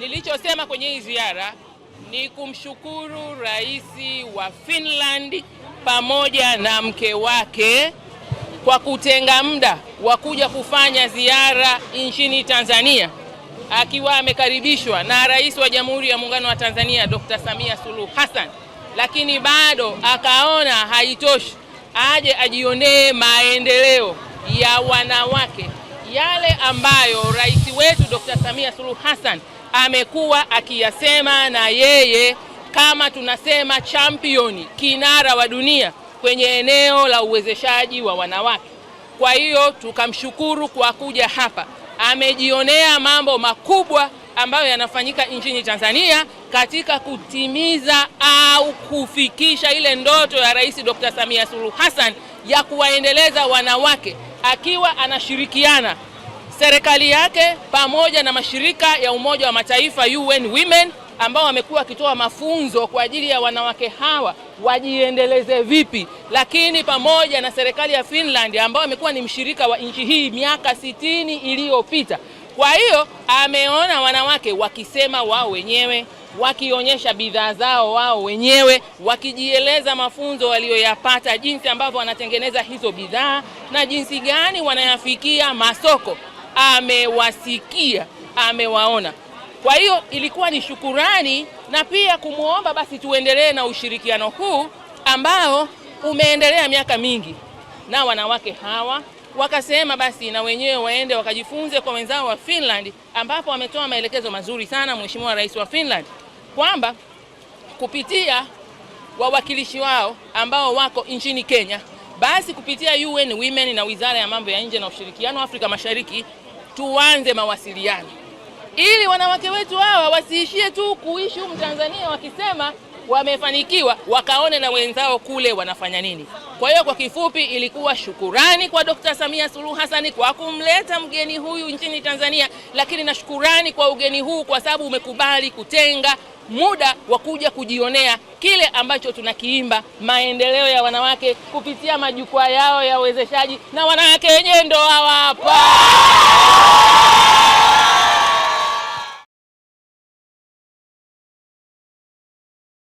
Nilichosema kwenye hii ziara ni kumshukuru Rais wa Finland pamoja na mke wake kwa kutenga muda wa kuja kufanya ziara nchini Tanzania akiwa amekaribishwa na Rais wa Jamhuri ya Muungano wa Tanzania Dr. Samia Suluhu Hassan, lakini bado akaona haitoshi aje ajionee maendeleo ya wanawake yale ambayo rais wetu Dr. Samia Suluhu Hassan amekuwa akiyasema na yeye kama tunasema championi, kinara wa dunia kwenye eneo la uwezeshaji wa wanawake. Kwa hiyo tukamshukuru kwa kuja hapa, amejionea mambo makubwa ambayo yanafanyika nchini Tanzania katika kutimiza au kufikisha ile ndoto ya Rais Dr. Samia Suluhu Hassan ya kuwaendeleza wanawake, akiwa anashirikiana serikali yake pamoja na mashirika ya Umoja wa Mataifa UN Women ambao wamekuwa wakitoa mafunzo kwa ajili ya wanawake hawa wajiendeleze vipi, lakini pamoja na serikali ya Finland ambao amekuwa ni mshirika wa nchi hii miaka sitini iliyopita. Kwa hiyo ameona wanawake wakisema wao wenyewe, wakionyesha bidhaa zao wao wenyewe, wakijieleza mafunzo waliyoyapata, jinsi ambavyo wanatengeneza hizo bidhaa na jinsi gani wanayafikia masoko amewasikia, amewaona. Kwa hiyo ilikuwa ni shukurani na pia kumwomba basi tuendelee na ushirikiano huu ambao umeendelea miaka mingi na wanawake hawa wakasema basi na wenyewe waende wakajifunze kwa wenzao wa Finland, ambapo wametoa maelekezo mazuri sana Mheshimiwa Rais wa Finland kwamba kupitia wawakilishi wao ambao wako nchini Kenya basi kupitia UN Women na Wizara ya Mambo ya Nje na Ushirikiano Afrika Mashariki tuanze mawasiliano ili wanawake wetu hawa wasiishie tu kuishi humu Tanzania wakisema wamefanikiwa, wakaone na wenzao kule wanafanya nini. Kwa hiyo kwa kifupi, ilikuwa shukurani kwa Dkt. Samia Suluhu Hassan kwa kumleta mgeni huyu nchini Tanzania, lakini na shukurani kwa ugeni huu kwa sababu umekubali kutenga muda wa kuja kujionea kile ambacho tunakiimba, maendeleo ya wanawake kupitia majukwaa yao ya uwezeshaji, na wanawake wenyewe ndo hawa hapa.